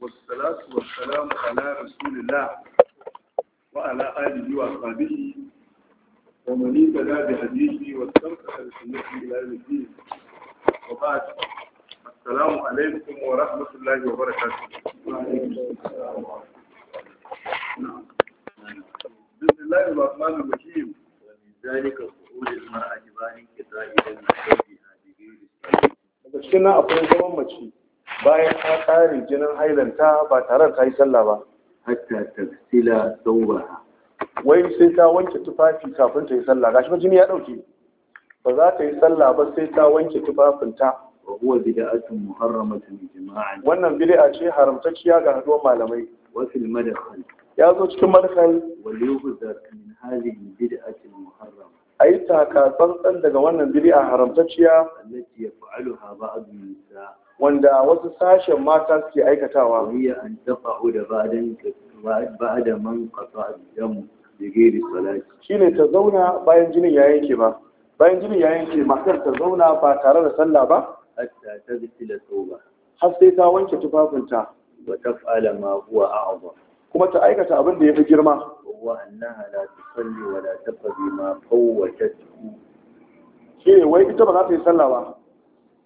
wasu salamu ala rasulullah wa ala ajiye wa sabi da wa tsarka da su a cikin salamu alaikun wa rahmatullahi wa baraka su a cikin lalace wa ba a cikin lalace wa ba a cikin lalace wa ba a cikin lalace wa ba a cikin a cikin lalace wa ba ba a cikin lalace wa ba a cikin lalace wa ba ba a cikin lalace wa ba a cikin lalace wa ba cikin lalace wa ba a bayan ta ƙare jinin hailanta ba tare da ta yi sallah ba hatta tafsila sauba wai sai ta wanke tufafi kafin ta yi sallah gashi ba jini ya dauke ba za ta yi sallah ba sai ta wanke tufafinta wa huwa bid'atun muharramatun ijma'an wannan bid'a ce haramtacciya ga haduwar malamai wa fil madkhal ya zo cikin madkhal wal yuhdar min hadhihi bid'atin muharrama ai taka tsantsan daga wannan bid'a haramtacciya allati yaf'aluha ba'd min sa'a wanda wasu sashen mata suke aikatawa hiya an dafa da ba'dan ba'da man qata dam bi ghairi salati shine ta zauna bayan jinin ya yanke ba bayan jinin ya yanke matar ta zauna ba tare da sallah ba hatta ta bisila tauba har sai ta wanke tufafinta wa taf'ala ma huwa a'zam kuma ta aikata abin da ya fi girma wa annaha la tusalli wa la taqdi ma fawwatat shi wai ita ba za ta yi sallah ba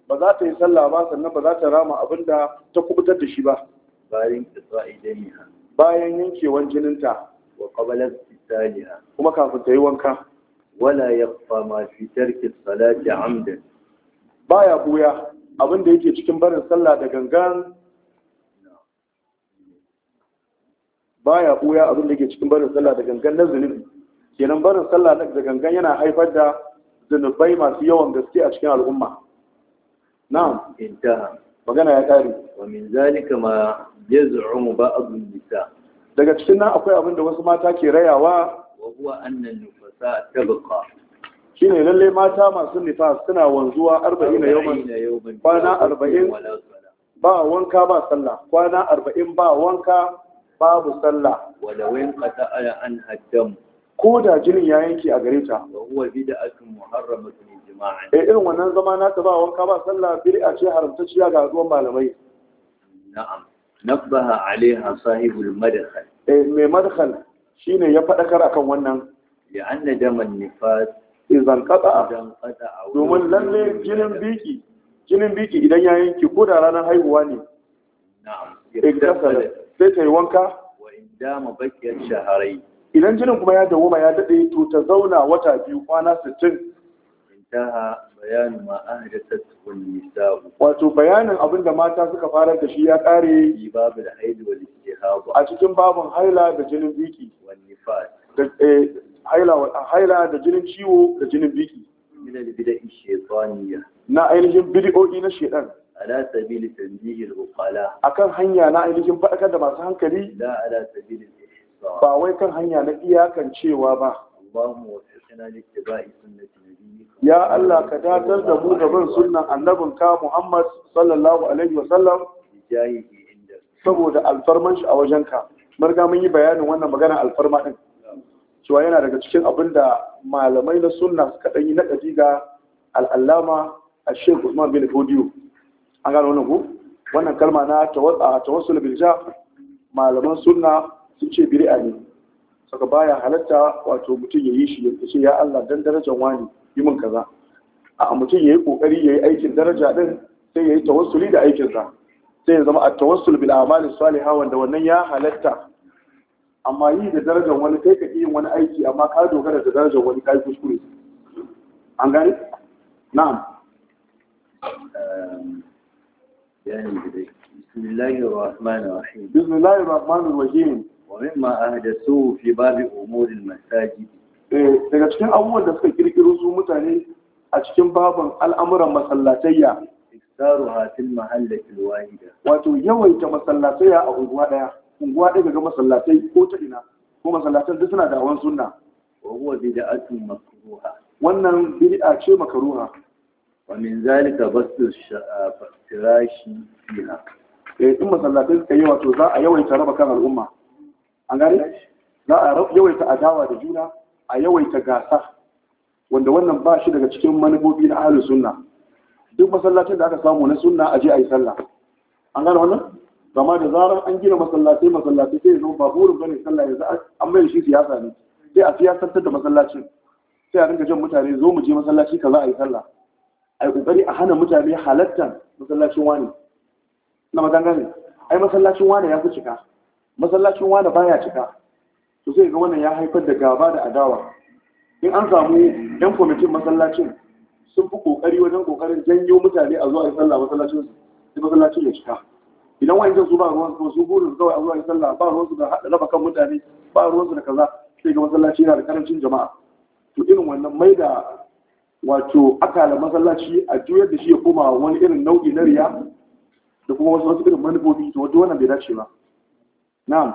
ba za ta yi sallah ba sannan ba za ta rama abin da ta kubutar da shi ba bayan isra'iliya bayan yankewan jininta wa qabala italiya kuma kafin ta yi wanka wala ya fama fitar tarki salati amdan baya buya abin da yake cikin barin sallah da gangan baya buya abin da yake cikin barin sallah da gangan na zunubi kenan barin sallah da gangan yana haifar da zunubai masu yawan gaske a cikin al'umma na'am intaha magana ya kare wa ذلك ما ma yaz'umu النساء daga cikin nan akwai abin da wasu mata ke rayawa wa huwa anna nufasa tabqa shine lalle mata masu nifas suna wanzuwa 40 yawman kwana 40 ba wanka ba sallah kwana 40 ba wanka babu sallah walawin qata'a an ko da jinin ya yanke a gare ta wa huwa bid'atun muharramatun eh irin wannan zama na ta ba wanka ba sallah bid'a ce haramtacciya ga ruwan malamai na'am nabbaha alaiha sahibul madkhal eh mai madkhal shine ya fadakar akan wannan ya anna daman nifas idan qata idan qata domin lalle jinin biki jinin biki idan ya yanki ko da ranar haihuwa ne na'am eh, sai ta yi wanka wa indama bakiyar shaharai idan jinin kuma ya dawo dawoma ya dade to ta zauna wata biyu kwana 60 intaha bayanu ma ahdathat wan nisa wato bayanin abinda mata suka fara da shi ya kare fi babul haid wal istihab a cikin babun haila da jinin biki wan nifas da eh, haila da jinin ciwo da jinin biki min al bid'i shaytaniyya na ainihin bid'o'i na shaytan ala sabili tanjihi al uqala akan hanya na ainihin fadakar da masu hankali la ala sabili ba wai kan hanya na iyakan cewa ba Allahumma wasiqna li ittiba'i sunnati ya Allah ka datar da mu gaban sunan annabinka Muhammad sallallahu alaihi wasallam saboda alfarman shi a wajenka marga mun yi bayanin wannan magana alfarma din cewa yana daga cikin abin da malamai na sunna suka dan yi nadaji ga al'allama a Sheikh Usman bin Fodiyo an gano wannan ku wannan kalma na tawassul bil jaf malaman sunna sun ce bir'a ne saka baya halatta wato mutum ya yi shi ya ce ya Allah dan darajar wani yi min kaza a mutum ya yi ƙoƙari ya yi aikin daraja ɗin sai ya yi tawassuli da aikinsa sai ya zama a tawassul bil amali salihah wanda wannan ya halatta amma yi da darajar wani kai ka yin wani aiki amma ka dogara da darajar wani kai kuskure an gane na'am yani bismillahir rahmanir rahim bismillahir rahmanir rahim wa mimma ahdathu fi babi umuril masajid Eh, daga cikin abubuwan da suka kirkiro su mutane a cikin baban al'amuran masallatayya iktaru hatin mahallatil wahida wato yawaita masallatayya a unguwa daya unguwa daya daga masallatai ko ta ina ko masallatan duk suna da awan sunna wa huwa bid'atun makruha wannan bid'a ce makruha wa min zalika basu firashi fiha eh in masallatai suka yi wato za a yawaita raba kan al'umma an gane za a yawaita adawa da juna a yawaita gasa wanda wannan ba shi daga cikin manufofi na ahalin sunna duk masallacin da aka samu na sunna a je a yi sallah an gane wannan gama da zarar an gina masallatai masallatai sai zo ba burin bane sallah yanzu an mai shi siyasa ne sai a siyasantar da masallacin sai a rinka jan mutane zo mu je masallaci kaza a yi sallah a yi kokari a hana mutane halattar masallacin wani na maganganu ai masallacin wani ya fi cika masallacin wani baya cika to sai ga wannan ya haifar da gaba da adawa in an samu yan kwamitin masallacin sun fi kokari wajen kokarin janyo mutane a zuwa sallah masallacin su masallacin ya cika idan wani su ba ruwan su su burin kawai a zuwa sallah ba ruwan su da hada raba kan mutane ba ruwan su da kaza sai ga masallaci yana da karancin jama'a to irin wannan mai da wato akala masallaci a juyar da shi ya koma wani irin nau'i na riya da kuma wasu wasu irin manufofi to wato wannan bai dace ba na'am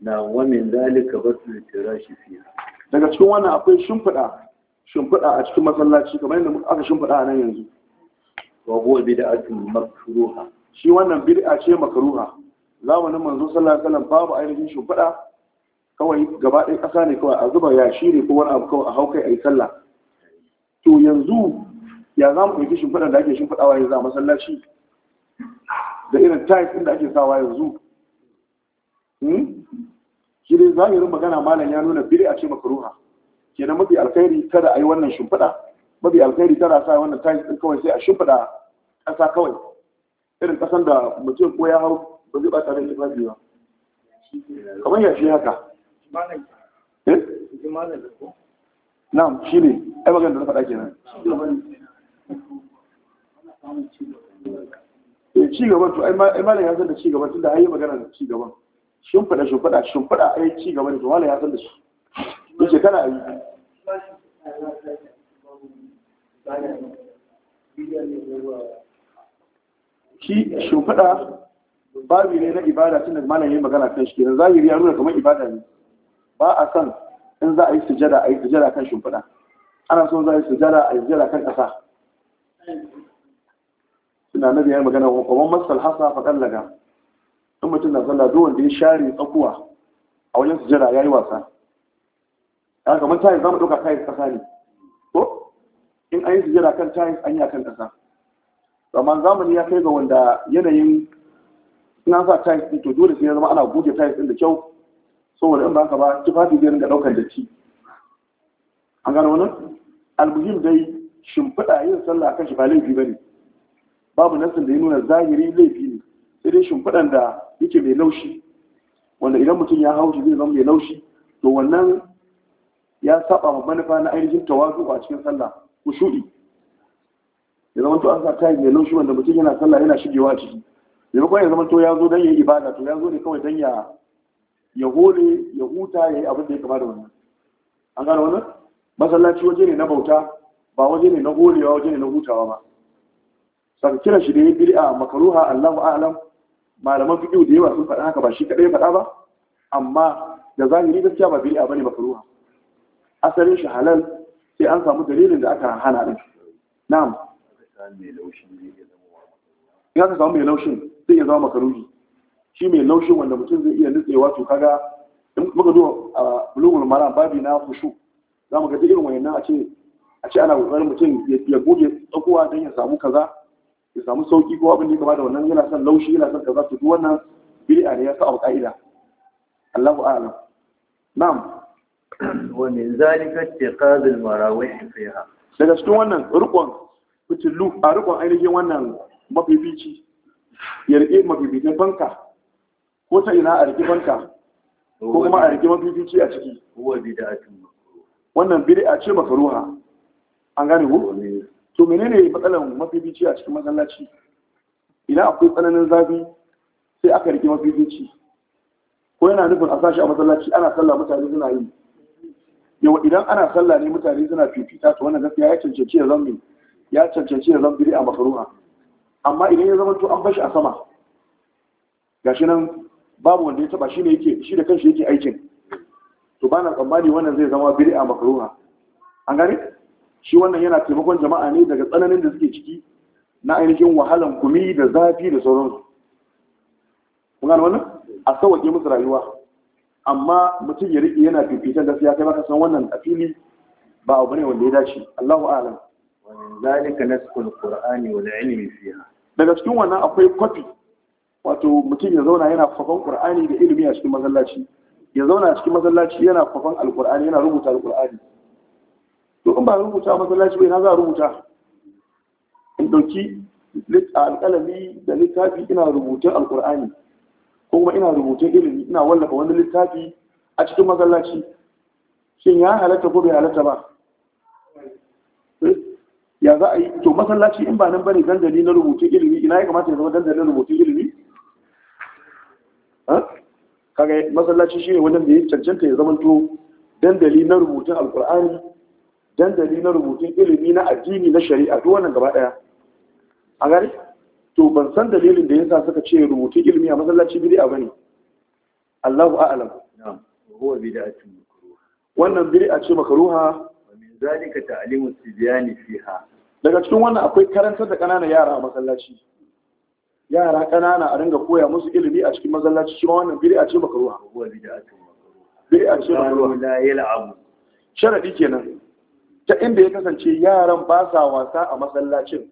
na wamin zalika basu shi fiye. daga cikin wannan akwai shimfiɗa shimfiɗa a cikin masallaci kamar yadda aka shimfiɗa a nan yanzu wa huwa bid'atun makruha shi wannan bid'a ce makruha zamanin manzo sallallahu alaihi wasallam babu ainihin shimfiɗa kawai gaba ɗaya ƙasa ne kawai a zuba ya shire ko wani abu kawai a haukai a yi sallah to yanzu ya za mu ɗauki shimfiɗa da ake shimfiɗawa yanzu a masallaci da irin tayis ɗin da ake sawa yanzu hmm? shi dai zahirin magana malam ya nuna biri a ce makruha kenan mafi alkhairi kada a yi wannan shimfiɗa mafi alkhairi kada sa wannan tayi ɗin kawai sai a shimfiɗa ƙasa kawai irin ƙasan da mutum ko ya hau ba zai bata da ifafi ba kamar yashi haka eh? na'am shi ne ai magana da na faɗa kenan eh, ci gaban to ai malam ya san da ci gaban tunda yi magana da ci gaban shimfiɗa shimfiɗa shimfiɗa a yi ci gaba da tumala ya san da shi ya ce kana yi shi shimfiɗa babi ne na ibada tun da malam yin magana kan shi kenan zahiri ya nuna kamar ibada ne ba a san in za a yi sujada a yi sujada kan shimfiɗa ana so za a yi sujada a yi sujada kan ƙasa suna nabi ya magana wa kuma masal hasa laga. in mutum na sallah duwan da ya share tsakuwa a wajen sujada ya yi wasa ya kamar tayis za mu ɗauka tayis ƙasa ne ko in an yi sujada kan tayis an yi akan ƙasa amma zamani ya kai ga wanda yanayin ina sa tayis ɗin to dole sai ya zama ana buge tayis ɗin da kyau saboda in ba ka ba tufafi zai ringa ɗaukar datti an gano wani almuhim dai shimfiɗa yin sallah kan shi ba laifi ba ne babu nasin da ya nuna zahiri laifi ne sai dai shimfiɗan da yake mai laushi wanda idan mutum ya hau shi zai zama mai laushi to wannan ya saba wa manufa na ainihin tawazu a cikin sallah shudi. ya zama to an sa tayi mai laushi wanda mutum yana sallah yana shigewa ciki maimakon ya zama to ya zo don ya yi ibada to ya zo ne kawai don ya ya hole ya huta ya yi abin da ya kama da wannan an gano wannan masallaci waje ne na bauta ba waje ne na holewa waje ne na hutawa ba saka kiran shi da ya bid'a makaruha Allahu a'lam malaman fiqh da yawa sun faɗa haka ba shi kaɗai faɗa ba amma da zahiri gaskiya ba bid'a bane makruha asalin shi halal sai an samu dalilin da aka hana din na'am in aka samu mai laushin zai iya zama makaruhi shi mai laushin wanda mutum zai iya nutsewa to kaga in muka zo a bulugul mara babi na khushu za mu ga irin wayannan a ce a ce ana kokarin mutum ya goge tsakuwa don ya samu kaza ya samu sauki ko abin da ya kama da wannan yana son laushi yana son kaza to duk wannan bid'a ne ya sa alƙa'ida Allahu a'lam na'am wa min zalika ittiqad al-marawih fiha daga cikin wannan rukun fitilu a rukun ainihin wannan mafifici ya rike mafificin banka ko ta ina a rike banka ko kuma a rike mafifici a ciki wannan bid'a ce makaruha an gane ku to menene matsalar mafifici a cikin masallaci idan akwai tsananin zafi sai aka rike mafifici ko yana nufin a sashi a masallaci ana sallah mutane suna yi yau idan ana sallah ne mutane suna fifita to wannan gaskiya ya cancanci ya zambi ya cancanci ya zambi a makaruna amma idan ya zama to an bashi a sama gashi nan babu wanda ya taba shi ne yake shi da kanshi yake aikin to ba na tsammani wannan zai zama bid'a makaruna an gane shi wannan yana taimakon jama'a ne daga tsananin da suke ciki na ainihin wahalan gumi da zafi da sauransu kun da wannan a sauwaƙe musu rayuwa amma mutum ya riƙe yana fifitan ya kai maka san wannan a fili ba abu ne wanda ya dace Allahu a'lam zalika nasqul qur'ani wal ilmi fiha daga cikin wannan akwai kwafi wato mutum ya zauna yana fafan qur'ani da ilimi a cikin masallaci ya zauna a cikin masallaci yana fafan alqur'ani yana rubuta alqur'ani to in ba rubuta masallaci bai na za a rubuta in ɗauki alƙalami da littafi ina rubutun alƙur'ani ko kuma ina rubutun ilimi ina wallafa wani littafi a cikin masallaci shin ya halatta ko bai halatta ba eh, ya za a yi to masallaci in ba nan bane dandali na rubutun ilimi ina ya kamata ya zama dandali na rubutun ilimi eh, kaga masallaci shine wajen da ya cancanta ya zama to dandali na rubutun alkur'ani dandali na rubutun ilimi na addini na shari'a duk wannan gaba daya a gari to ban san dalilin da yasa suka ce rubutun ilimi a masallaci bid'a bane Allahu a'lam na'am huwa bid'atu makruha wannan bid'a ce makruha wa min zalika ta'limu sibyani fiha daga cikin wannan akwai karantar da ƙananan yara a masallaci yara ƙanana a ringa koya musu ilimi a cikin masallaci shi ma wannan bid'a ce makruha huwa bid'atu makruha bid'a ce makruha la yal'abu sharadi kenan ta inda ya kasance yaran ba sa wasa a masallacin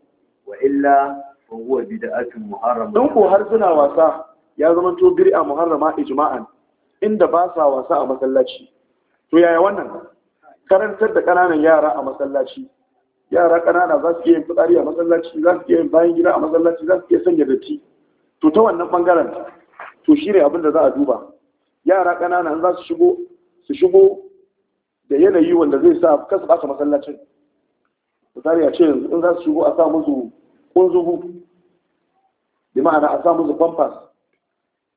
wa illa huwa bid'atun muharrama don ko har suna wasa ya zama to bid'a muharrama ijma'an inda ba sa wasa a masallaci to yaya wannan karantar da kananan yara a masallaci yara kanana za su iya yin fitsari a masallaci za su iya yin bayan gida a masallaci za su iya sanya datti to ta wannan bangaren to shine abin da za a duba yara kanana za su shigo su shigo da yanayi wanda zai sa kasu ɓata masallacin misali a ce yanzu in za su shigo a sa musu kunzugu da ma'ana a sa musu kwamfas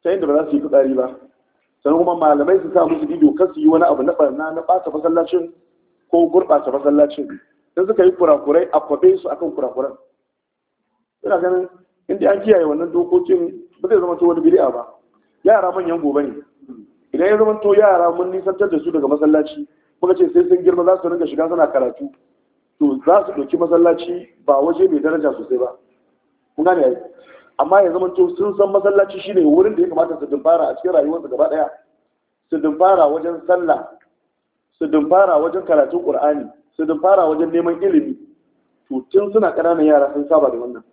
ta yadda ba za su yi fitsari ba sannan kuma malamai su sa musu ido kasu yi wani abu na barna na ɓata masallacin ko gurɓata masallacin sai suka yi kurakurai a kwabe su akan kurakuran ina ganin inda an kiyaye wannan dokokin ba zai zama to wani ba yara manyan gobe ne idan ya zama to yara mun nisantar da su daga masallaci muka ce sai sun girma za su rinka shiga suna karatu to za su ɗauki masallaci ba waje mai daraja sosai ba kun gane ai amma ya zama to sun san masallaci shine wurin da ya kamata su dumfara a cikin rayuwarsu gaba ɗaya su dumfara wajen sallah su dumfara wajen karatun qur'ani su dumfara wajen neman ilimi to tun suna ƙananan yara sun saba da wannan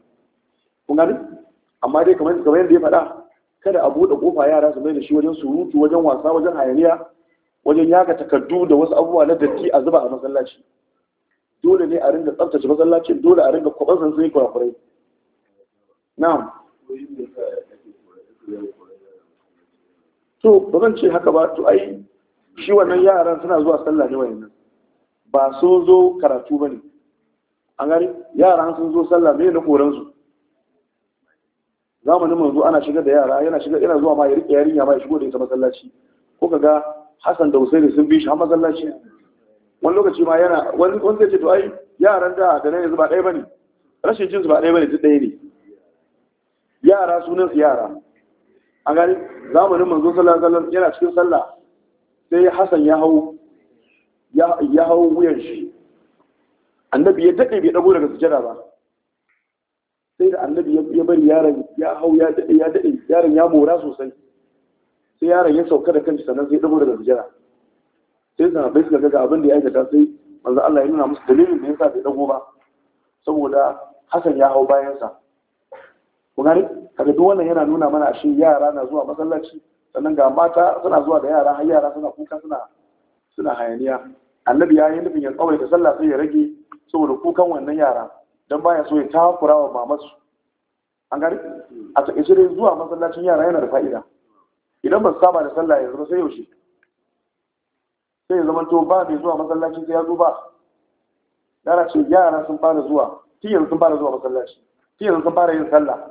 kun gane amma dai kamar yadda ya faɗa kada a buɗe kofa yara su mai da shi wajen surutu wajen wasa wajen hayaniya wajen yaga takardu da wasu abubuwa na datti a zuba a masallaci dole ne a ringa tsaftace masallacin dole a ringa sun sai kurakurai na'am to ba zan ce haka ba to ai shi wannan yaran suna zuwa sallah ne wayannan ba sun zo karatu ba ne an gari yaran sun zo sallah mai na koransu zamanin manzo ana shigar da yara yana shigar yana zuwa ma ya riƙe yarinya ma ya shigo da ita masallaci ko ka ga Hassan da Usaini sun bi shi har masallaci wani lokaci ma yana wani wanda ce to ai yaran da da ne yanzu ba ɗaya bane rashin jin zuba ba ɗaya bane duk ɗaya ne yara sunan su yara an gani zamanin manzo sallallahu alaihi wasallam yana cikin sallah sai Hassan ya hau ya hau wuyan shi annabi ya daɗe bai dago daga sujada ba sai da annabi ya bari yaron ya hau ya daɗe ya dade yaron ya mora sosai sai yaron ya sauka da kanshi sannan sai dago daga bijira. sai bai suka ga abin da ya aikata sai manzo Allah ya nuna musu dalilin da ya yasa bai dago ba saboda Hassan ya hau bayansa ku gani kaga duk wannan yana nuna mana ashe yara na zuwa masallaci sannan ga mata suna zuwa da yara har yara suna kuka suna suna hayaniya annabi ya yi nufin ya da sallah sai ya rage saboda kukan wannan yara don baya so ya takura wa mamansu an gari a taƙaice dai zuwa masallacin yara yana da fa'ida idan ba su saba da sallah yanzu sai yaushe sai zaman zama to ba mai zuwa masallaci sai ya zo ba yara ce yara sun fara zuwa tun yanzu sun fara zuwa masallaci tun yanzu sun fara yin sallah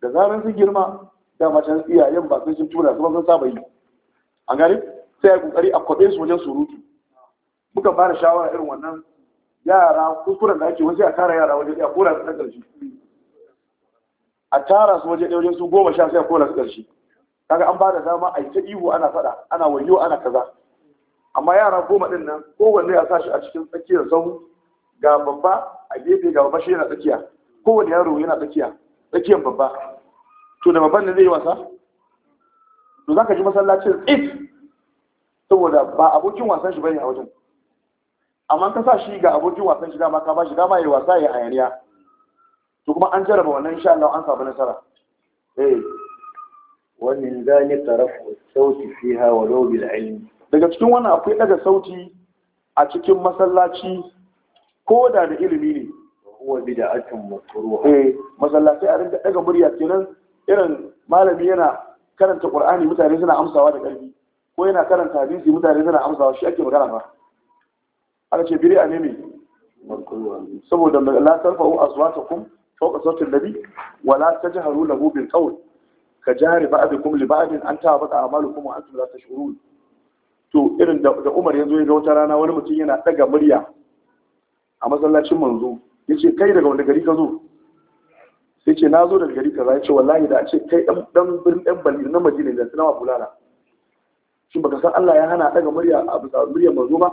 da zarar sun girma da macen iyayen ba sun tura su sun saba yi an gani sai ya kokari a kwabe su wajen surutu muka fara shawara irin wannan yara kuskuren da ake wasu a tara yara wajen a kora su na ƙarshe a tara su waje ɗaya wajen su goma sha sai a kora su ƙarshe kaga an bada dama a yi ta ihu ana fada ana wayo ana kaza amma yara goma din nan kowanne sa sashi a cikin tsakiyar zaun ga babba a gefe ga babba shi yana tsakiya kowanne yaro yana tsakiya tsakiyar babba to da babban ne zai yi wasa to za ka ji masallacin it saboda ba abokin wasan shi bane a wajen amma ka sa shi ga abokin wasan shi dama ka ba shi dama ya wasa ya yi hayaniya to kuma an jarraba wannan insha Allah an samu nasara eh ومن ذلك رفع الصوت فيها ولو بالعلم daga cikin wannan akwai daga sauti a cikin masallaci ko da da ilimi ne huwa bid'atun makruha eh masallaci a rinka daga murya kenan irin malami yana karanta qur'ani mutane suna amsawa da karfi ko yana karanta hadisi mutane suna amsawa shi ake magana ba aka ce bid'a ne me saboda la tarfa'u aswatakum fawqa sawti an-nabi wa la tajharu lahu bil qawl ka jari da kuma libadin an ta ba ta'abata amalukum wa antum la tash'urun to irin da Umar yanzu ya ga wata rana wani mutum yana daga murya a masallacin manzo yace kai daga wanda gari ka zo sai ce na zo daga gari kaza yace wallahi da a ce kai dan dan birnin dan bali na Madina da sanawa bulala shin baka san Allah ya hana daga murya a bisa murya manzo ba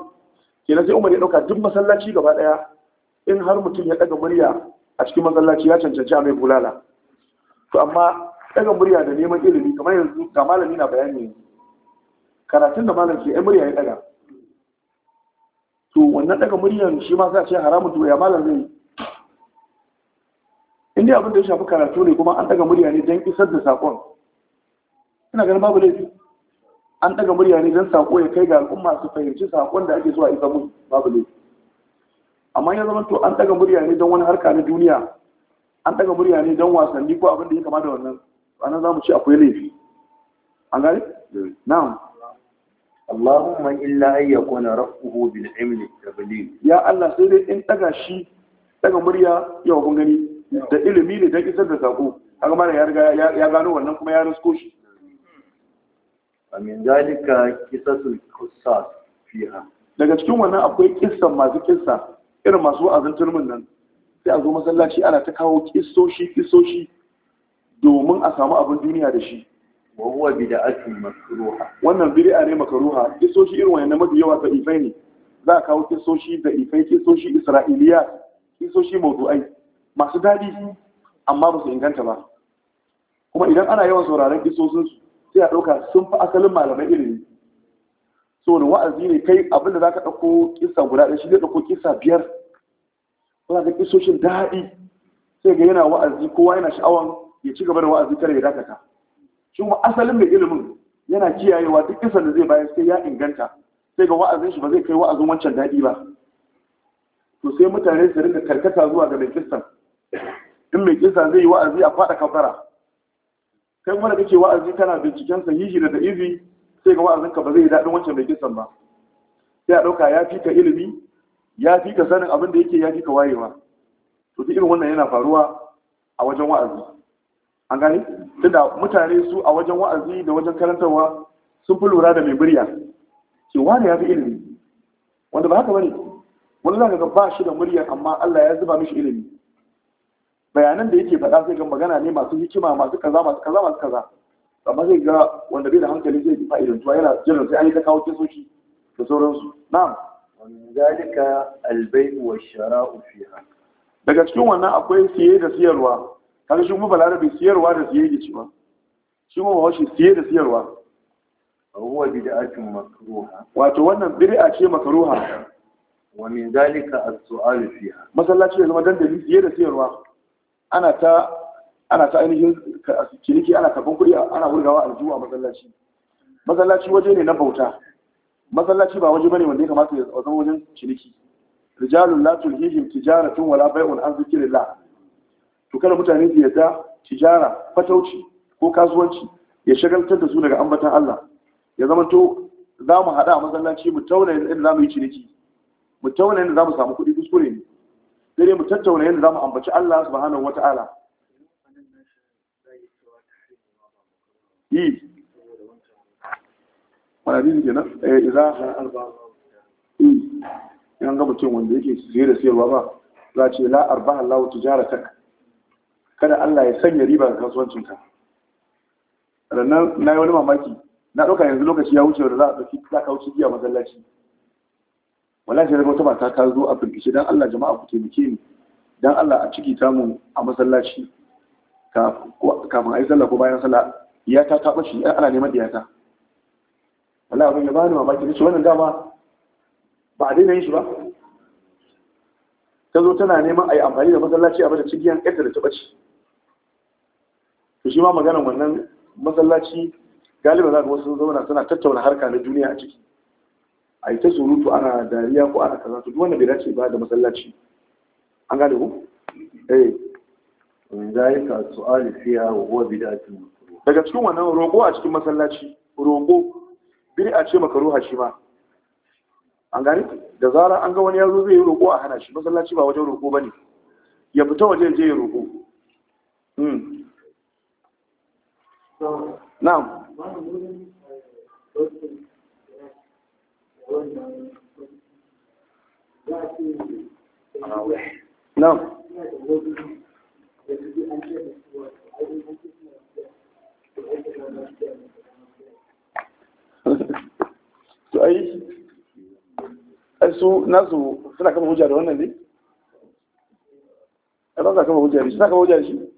kenan sai Umar ya dauka duk masallaci gaba daya in har mutum ya daga murya a cikin masallaci ya cancanci a mai bulala to amma daga murya da neman ilimi kamar yanzu ga malami na bayani yanzu karatun da malam ke ai murya ya daga to wannan daga muryan shi ma za a ce haramun to ya malam zai inda abin da ya shafi karatu ne kuma an daga murya ne don isar da saƙon ina ganin babu laifi an daga murya ne don saƙo ya kai ga al'umma su fahimci saƙon da ake so a isa musu babu laifi amma ya zama to an daga murya ne don wani harka na duniya an daga murya ne don wasanni ko abin da ya kama da wannan ana za mu ce akwai laifi an gani? na'am Allahumma illa an yakuna rafuhu bil ilmi tablil ya Allah sai dai in daga shi daga murya yau kun gani da ilimi ne dan isar da sako kaga mara ya riga ya gano wannan kuma ya rasko shi amin dalika qisatul qussas fiha daga cikin wannan akwai kissan masu kissa irin masu wa'azin turmin nan sai a zo masallaci ana ta kawo kissoshi kissoshi domin a samu abin duniya da shi wa huwa bid'atun makruha wannan bid'a ne makruha kisoshi irin wannan mafi yawa da ifai ne za a kawo kisoshi da ifai kisoshi isra'iliya kisoshi mawdu'ai masu daɗi amma ba su inganta ba kuma idan ana yawan sauraron kisosin su sai a dauka sun fi asalin malamai ilimi so da wa'azi ne kai abinda za ka ɗauko kisa guda ɗaya shi zai ɗauko kisa biyar kuna ga kisoshin daɗi sai ga yana wa'azi kowa yana sha'awan ya ci gaba da wa'azi kare ya dakata shi kuma asalin mai ilimin yana kiyayewa duk kisan da zai bayar sai ya inganta sai ga wa'azin shi ba zai kai wa'azin wancan daɗi ba to sai mutane su rinka karkata zuwa ga mai kisan in mai kisa zai yi wa'azi a faɗa kafara kai kuma da kake wa'azi tana binciken sahihi da da'izi sai ga wa'azinka ba zai yi daɗin wancan mai kisan ba sai a ɗauka ya fi ka ilimi ya fi ka sanin abin da yake ya fi ka wayewa to duk irin wannan yana faruwa a wajen wa'azi an gani tunda mutane su a wajen wa'azi da wajen karantarwa sun fi lura da mai murya ke wani ya fi ilimi wanda ba haka bane wani zaka ga ba shi da murya amma Allah ya zuba mishi ilimi bayanan da yake faɗa sai ga magana ne masu hikima masu kaza masu kaza masu kaza amma zai ga wanda bai da hankali zai ji fa'idantuwa yana jiran sai an yi ta kawo kisoshi da sauransu na'am zalika wa shara'u fiha daga cikin wannan akwai siye da siyarwa kaga shi kuma balarabe siyarwa da siye yake cewa shi kuma bahaushe siye da siyarwa huwa bid'atun makruha wato wannan bid'a ce makruha wa min zalika as-su'al fiha masallaci ya zama dandali siye da siyarwa ana ta ana ta ainihin ciniki ana karban kuɗi ana hurgawa aljihu a masallaci masallaci waje ne na bauta masallaci ba waje bane wanda ya kamata ya zama wajen ciniki rijalun la tulhihim tijaratun wala bai'un an zikrillah to kada mutane su yarda tijara fatauci ko kasuwanci ya shagaltar da su daga ambatan Allah ya zama to za mu haɗa a masallaci mu tauna yadda za mu yi ciniki mu tauna yadda za mu samu kuɗi kuskure ne sai dai mu tattauna yadda za mu ambaci Allah subhanahu wata'ala yi wani hadisi eh ga mutum wanda yake siye da siyarwa ba za ce la arbaha lahu tijaratak kada Allah ya sanya riba ga kasuwancinka rannan na yi wani mamaki na ɗauka yanzu lokaci ya wuce da za a ɗauki za ka wuce giya masallaci wala ce daga wata mata ta zo a firgice don Allah jama'a ku taimake ni don Allah a ciki samun a masallaci kafin a yi sallah ko bayan sallah ya ta shi eh, ana neman ta. wala abin ya bani mamaki shi wannan dama ba a daina yin shi ba ta zo tana neman a yi amfani da masallaci a bada cigiyan ƙasa da ta ɓace to shi ma maganar wannan masallaci galiba za ka wasu zauna suna tattauna harka na duniya a ciki a yi ta surutu ana dariya ko ana kaza to duk wanda bai dace ba da masallaci an gane ku eh min zalika su'al fiha wa huwa bid'atun daga cikin wannan roƙo a cikin masallaci roƙo a ce makaruha shi ma an gane da zarar an ga wani yazo zai yi roƙo a hana shi masallaci ba wajen roƙo bane ya fita waje je ya roƙo hmm. na'am na'am to ai su nasu suna kama hujja wannan ne? za kama hujja shi suna kama hujja shi?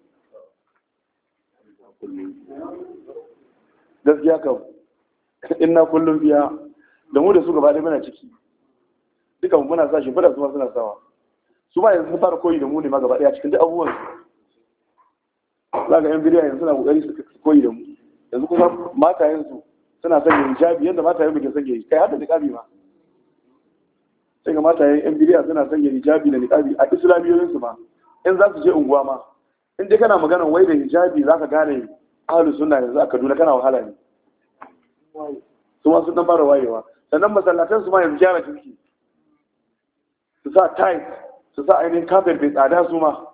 gaskiya kam ina kullum biya da mu da su gaba dai muna ciki duka muna sa shi fada su ma suna sawa su ba yanzu fara koyi da mu ne ma gaba daya cikin duk abubuwan za ga yan bidiya yanzu suna kokari su koyi da mu yanzu kusan mata yanzu suna sanya hijabi yadda mata yanzu ke sanya kai har da ma sai ga mata yan biriya suna sanya hijabi da niƙabi a islamiyoyin su ma in za su je unguwa ma in dai kana magana wai da hijabi za ka gane ahalu suna yanzu a Kaduna kana wahala ne su ma sun dan fara wayewa sannan masallatan su ma yanzu gyara kirki su sa tight su sa ainihin kafin bai tsada su ma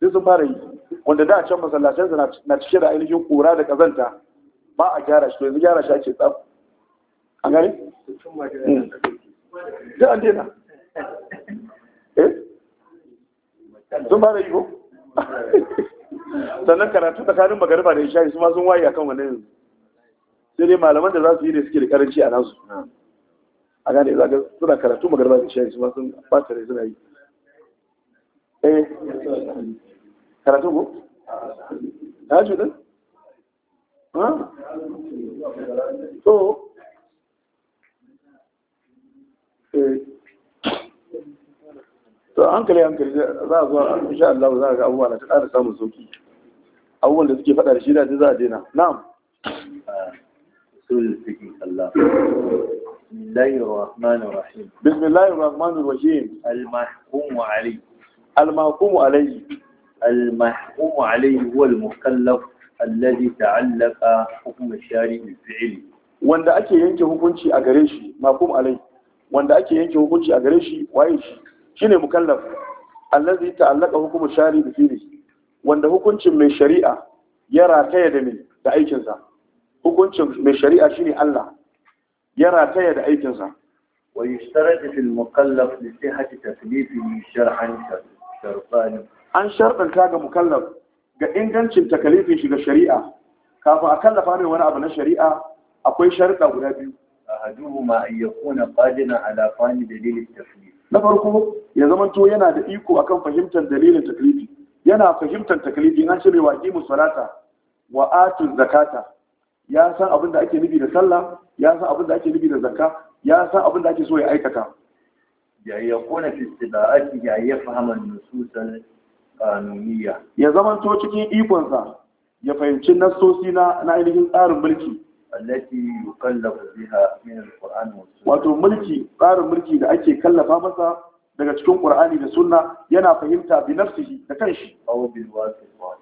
sai sun fara yi wanda da a can masallatan su na cike da ainihin kura da kazanta ba a gyara shi to yanzu gyara shi ake tsaf an gani? Hmm. Eh? sun fara yi ko? sannan karatu tsakanin magariba da isha su ma sun waye akan wani yanzu sai dai malaman da za su yi ne suke da karanci a nasu a gane za ga suna karatu magariba da isha su ma sun bata rai suna yi eh karatu ko ta ce ɗin ha so eh to hankali hankali za a zuwa insha Allah za a ga abubuwa na ta ƙara samun sauki abubuwan da suke faɗa da shi da za a daina na'am usul Allah Bismillahir Rahmanir Rahim Bismillahir al al al wanda ake yanke hukunci a gare shi mahkum alai, wanda ake yanke hukunci a gare shi waye shi shine mukallaf allazi ta'allaka hukumu shari bi fi'li wanda hukuncin mai shari'a ya rataya da mai da aikin sa hukuncin mai shari'a shine Allah ya rataya da aikin sa wa yushtaratu fil mukallaf li sihhati taklifihi shar'an shar'an an sharɗanta ga mukallaf ga ingancin takalifin shi ga shari'a kafin a kallafa mai wani abu na shari'a akwai sharɗa guda biyu ahaduhuma an yakuna qadiran ala fani dalil at-taklif na farko ya zamanto yana da iko akan fahimtar dalilin taklifi yana fahimtar taklifi na ce mai waƙi musalata wa atu zakata ya san abin da ake nufi da sallah ya san abin da ake nufi da zakka ya san abin da ake so ya aikata ya yakuna kona istiba'ati ya fahimtar nususan kanuniya? ya zamanto cikin ikonsa ya fahimci nassosi na na ainihin tsarin mulki allati yukallafu biha min alquran wa wato mulki tsarin mulki da ake kallafa masa daga cikin qur'ani da sunna yana fahimta bi nafsihi da kanshi aw bil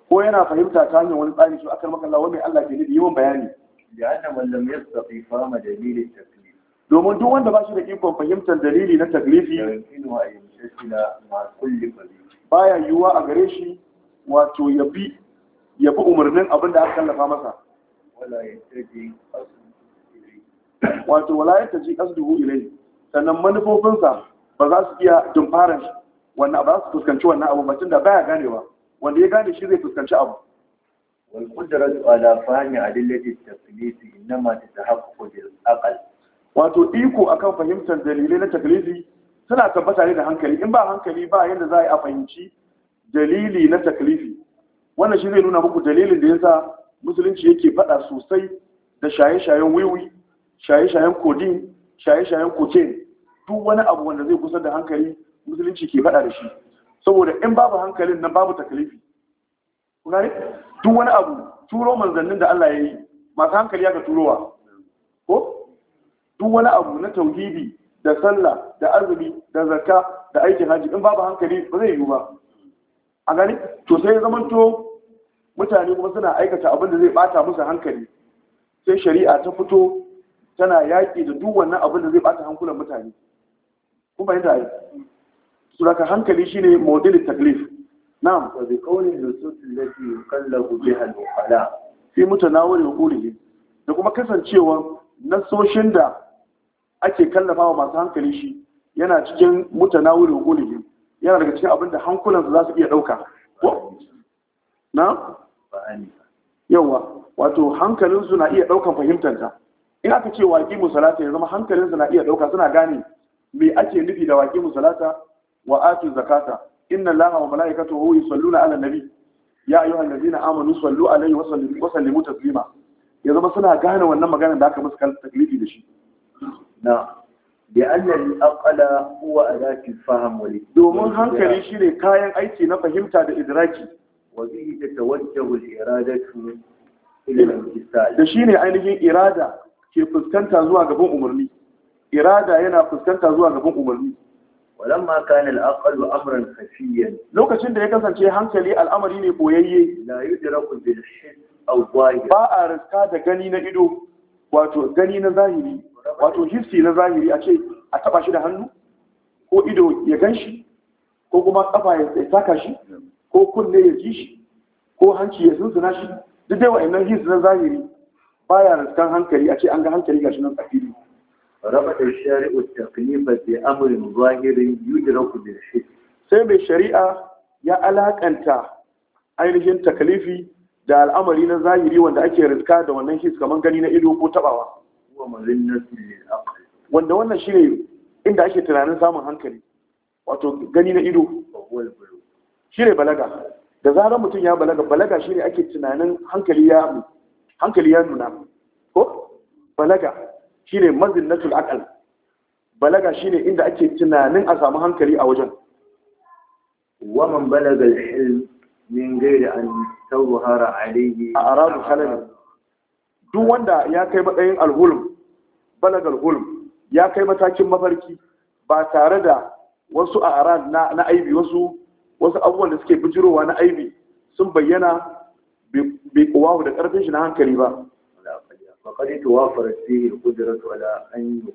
ko yana fahimta ta hanyar wani tsari shi akan makalla wani Allah ke nidi yawan bayani da anna man lam yastati fama dalil taklif domin duk wanda ba shi da ikon fahimtar dalili na taklifi baya yiwuwa a gare shi wato ya bi umarnin abin da aka kallafa masa wala yattaji qasduhu wato wala yattaji qasduhu ilayhi sannan manufofinsa ba za su iya dumfaran wannan ba za su fuskanci wannan abu ba tunda baya ganewa wanda ya gane shi zai fuskanci abu wal qudratu ala fahmi adillati at-taqlidi inma tatahaqqaqu bil aql wato iko akan fahimtar dalilai na taklidi suna tabbata ne da hankali in ba hankali ba yadda za a fahimci dalili na taklifi wannan shi zai nuna muku dalilin da yasa musulunci yake faɗa sosai da shaye-shayen wiwi shaye-shayen kodin shaye-shayen kocin duk wani abu wanda zai kusa da hankali musulunci ke faɗa da shi saboda in babu hankalin nan babu takalifi ne duk wani abu turo manzannin da Allah ya yi masu hankali ya ga turowa ko duk wani abu na tauhidi da sallah da azumi da zakka da aikin haji in babu hankali ba zai yiwu ba a gani to sai zamanto mutane kuma suna aikata abin da zai bata musu hankali sai shari'a ta fito tana yaƙi da duk wannan abin da zai bata hankulan mutane kun fahimta ai su daga hankali shine model taklif na'am wa bi qawli nusus allati yuqallabu biha al-uqala fi mutanawil uqulihi da kuma kasancewa nasoshin da ake kallafawa masu hankali shi yana cikin mutanawil uqulihi yana daga cikin abin da hankulansu za su iya ɗauka na'am Yauwa, wato su na iya ɗaukan fahimtanta in aka ce waƙi musalata ya zama su na iya ɗauka suna gane me ake nufi da waƙi musalata wa atu zakata inna allaha wa malaikatahu yusalluna ala nabi ya ayyuhal ladina amanu sallu alaihi wa sallimu wa sallimu taslima ya zama suna gane wannan maganar da aka musu taklifi da shi na bi annal aqala huwa alati faham wal domin hankali shine kayan aiki na fahimta da idraki وبه تتوجه الإرادة إلى الامتثال ده شيء ainihin irada ke fuskanta zuwa gaban umarni irada yana fuskanta zuwa gaban umarni walamma kana al-aql amran khafiyan lokacin da ya kasance hankali al'amari ne boyayye la yudraku bil shid aw zahir ba a riska da gani na ido wato gani na zahiri wato hissi na zahiri a ce a taba shi da hannu ko ido ya ganshi ko kuma kafa ya taka shi ko kunne ya ji shi ko hanci ya zunzuna shi duk dai wa'annan hisu na zahiri baya raskan hankali a ce an ga hankali gashi nan tsafiri ربط الشارع التقييم بأمر ظاهر يدرك shi sai mai shari'a ya alakanta ainihin takalifi da al'amari na zahiri wanda ake riska da wannan his kamar gani na ido ko tabawa wanda wannan shi ne inda ake tunanin samun hankali wato gani na ido shi ne balaga da zarar mutum ya balaga balaga shi ne ake tunanin hankali ya hankali ya nuna ko balaga shi ne na tulakal balaga shi ne inda ake tunanin a samu hankali a wajen waman balaga al min gairi an tawhara hara a arabu halal duk wanda ya kai matsayin alhulm balagal hulm ya kai matakin mafarki ba tare da wasu a arad na aibi wasu wasu abubuwan da suke bijirowa na aibi sun bayyana bai kowa da karfin shi na hankali ba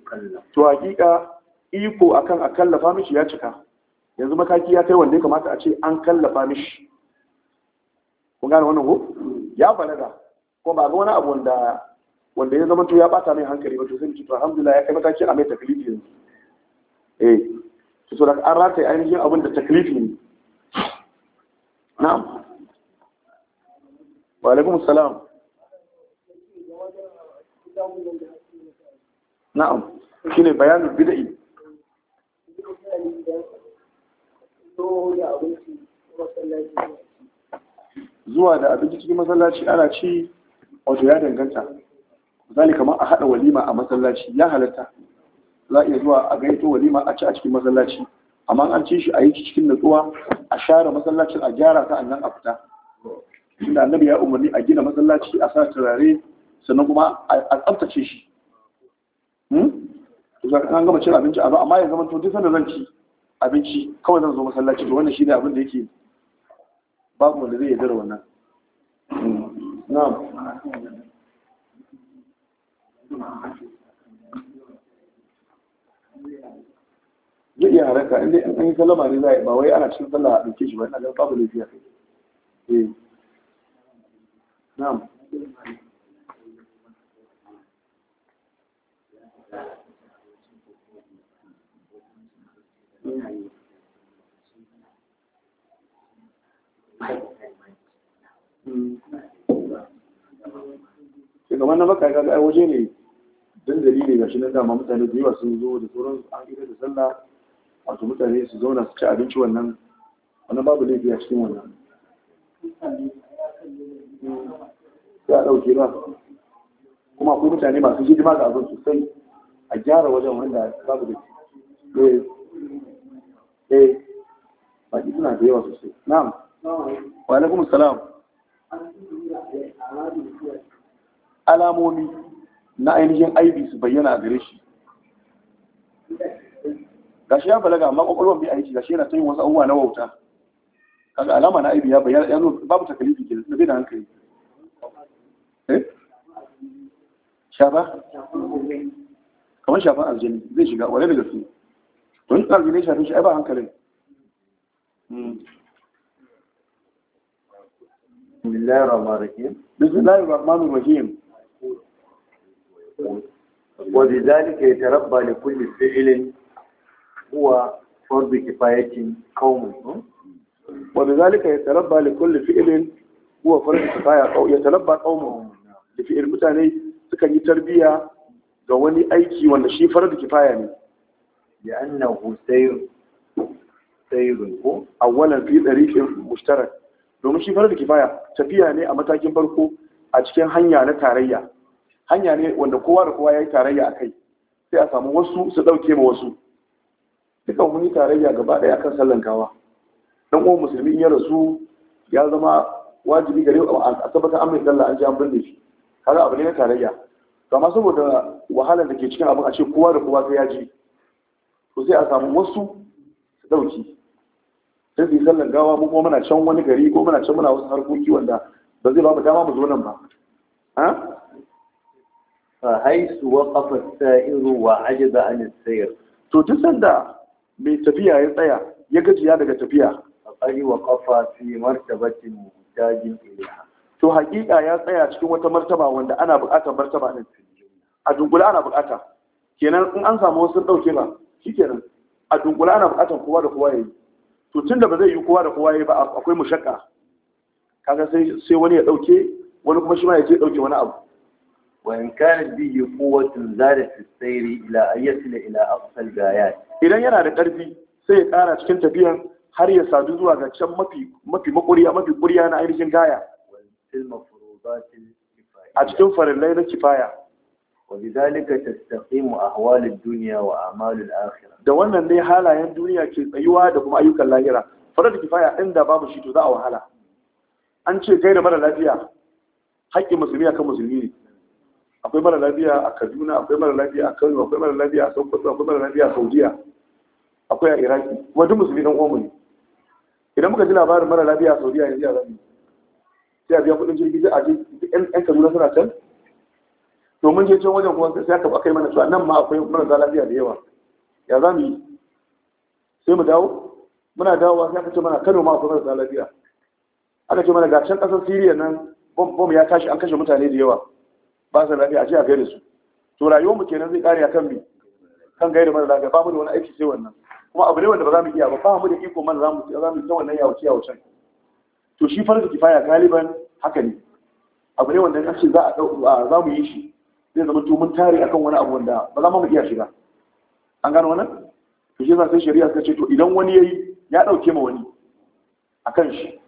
kalla to hakika iko akan a kallafa mishi ya cika yanzu mataki ya kai wanda ya kamata a ce an kallafa mishi kun gane wannan ko ya balaga ko ba ga wani abu wanda wanda ya zama to ya bata mai hankali ba to sai to alhamdulillah ya kai mataki a mai taklifi yanzu eh to so da an rataye ainihin abin da taklifi ne wa السلام نعم na'am shine bayanin bid'i zuwa da abinci cikin masallaci ana ci wato ya danganta misali kamar a haɗa walima a masallaci ya halatta za a iya zuwa a gaito walima a ci a cikin masallaci amma an ci shi a yi cikin natsuwa a share masallacin a gyara ta annan a fita inda annabi ya umarni a gina masallaci a sa turare sannan kuma a tsaftace shi Ku hmm? za ka gama cin abinci a amma ya zama to duk sanda zanci abinci kawai zan zo masallaci to wannan ne abin da yake babu wanda zai yadda da wannan na'am zai iya haraka inda an yi salama ne za a yi ba wai ana cikin sallah a ɗauke shi ba ina ga babu lafiya eh na'am shugaban na baka kaga waje ne don dalili ga shi na dama mutane da yawa sun zo da tsoron an gida da sallah wato mutane su zauna su ci abinci wannan wannan babu laifi a cikin wannan ya ɗauke ba kuma akwai mutane masu jima ga abin sosai a gyara wajen wanda babu da eh eh baki suna da yawa sosai na'am wa alaikum salam alamomi na ainihin aibi su bayyana a gare shi gashi ya balaga amma kwakwalwar bi shi gashi yana ta yin wasu abubuwa na wauta kaga alama na aibi ya bayyana ya zo babu takalifi ke da zai da hankali eh shafa kamar shafan aljini zai shiga wale da gaske don aljini shafin shi ba hankalin بسم الله الرحمن الرحيم بسم وبذلك يتربى لكل فعل هو فرض كفاية قوم وبذلك يتلبى لكل فئل هو فرد كفاية أو يتلبى قومه لفعل متاني سكن يتربية دواني أيكي ونشي فرد كفاية لأنه سير سير أولا في طريق مشترك domin shi farar da kifaya tafiya ne a matakin farko a cikin hanya na tarayya hanya ne wanda kowa da kowa ya yi tarayya a kai sai a samu wasu su ɗauke ma wasu duka mun yi tarayya gaba ɗaya kan sallan gawa dan uwan musulmi ya rasu ya zama wajibi gare a tabbatar an mai dalla an ji an birne shi kaga abu ne na tarayya Kama saboda wahalar da ke cikin abin a ce kowa da kowa sai ya ji to sai a samu wasu su dauki sai su yi sallan gawa mu kuma muna can wani gari ko muna can muna wasu harkoki wanda ba zai ba mu dama mu zo nan ba ha fa haisu waqafa as-sa'iru wa ajaza an as-sayr to duk sanda mai tafiya ya tsaya ya gajiya daga tafiya faƙari wa ƙafa fi martabatin muhtajin ilaiha to haƙiƙa ya tsaya cikin wata martaba wanda ana buƙatar martaba ɗin a dungula ana buƙata kenan in an samu wasu ɗauke ba shikenan a dungula ana buƙatar kowa da kowa ya yi to tun da ba zai yi kowa da kowa ya yi ba akwai mushakka kaga sai sai wani ya ɗauke wani kuma shi ma ya ce ɗauke wani abu وإن كانت به قوة زادت في السير إلى أن يصل إلى أقصى الغايات إذا يرى لقلبي sai ya ƙara cikin tafiyan har ya sadu zuwa ga can mafi mafi makuriya mafi kuriya na ainihin gaya a cikin farillai na kifaya mu a ahwalud duniya wa a'malul akhirah da wannan ne halayen duniya ke tsayuwa da kuma ayyukan lahira farar kifaya inda babu shi to za a wahala an ce kai da mara lafiya haƙƙin musulmi akan musulmi ne akwai mara lafiya a Kaduna akwai mara lafiya a Kano akwai mara lafiya a Sokoto akwai mara lafiya a Saudiya akwai a Iraki kuma duk musulmi don uwanmu ne idan muka ji labarin mara lafiya a saudiya yanzu a zami sai a biya kudin jirgi a ji yan kaduna suna can to mun je can wajen kuma sai aka kai mana cewa nan ma akwai marasa lafiya da yawa ya za mu yi sai mu dawo muna dawowa sai aka ce mana kano ma akwai marasa lafiya aka ce mana gashin ƙasar siriya nan bom ya tashi an kashe mutane da yawa ba su lafiya a ce a gaida su to rayuwar mu kenan zai kare a kan bi kan gaida mara lafiya ba mu da wani aiki sai wannan kuma abu ne wanda ba za mu iya ba ba mu da iko mana za mu za mu ta wannan yawuce yawucen to shi farko kifaya galiban haka ne abu ne wanda an ce za a za mu yi shi zai zama to mun tare akan wani abu wanda ba za mu iya shiga an gano wannan to shi yasa sai shari'a ta ce to idan wani yayi ya dauke ma wani akan shi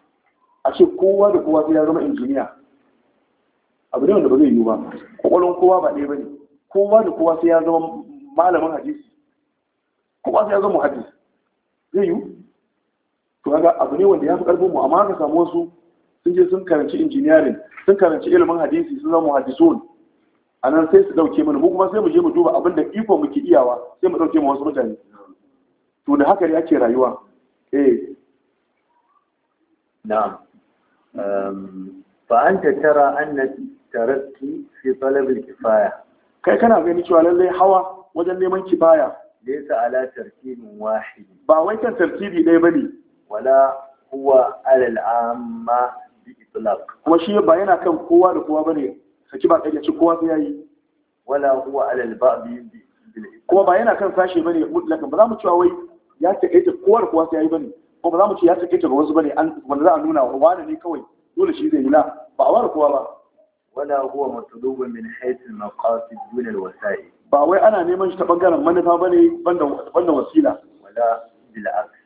a ce kowa da kowa sai ya zama injiniya abu ne wanda ba zai yiwu ba kwakwalwar kowa ba ɗaya ba ne kowa da kowa sai ya zama malamin hadisi kowa sai ya zama hadis zai yi to kaga abu ne wanda ya fi karfin mu amma ka samu wasu sun je sun karanci injiniyarin, sun karanci ilimin hadisi sun zama hadisun a nan sai su dauke mana mu kuma sai mu je mu duba abin da iko muke iyawa sai mu dauke mu wasu mutane to da haka ne ake rayuwa eh na. Ehm, fa tattara an na tarakki fi talab kifaya kai kana gani cewa lallai hawa wajen neman kifaya laysa ala tartibin wahid ba wancan tartibi ɗaya bane wala huwa ala al'amma bi itlaq kuma shi ba yana kan kowa da kowa bane saki ba kai kowa sai yayi wala huwa ala al-ba'd bi kuma ba yana kan sashe bane mutlakan ba za mu cewa wai ya takaita kowa da kowa sai yayi bane ko ba za mu ce ya takaita ga wasu bane an wanda za nuna wa ne kawai dole shi zai yi na ba a ware kowa ba wala min haythu al-maqasid dun ba wai ana neman shi ta bangaren manufa ba ne banda wasila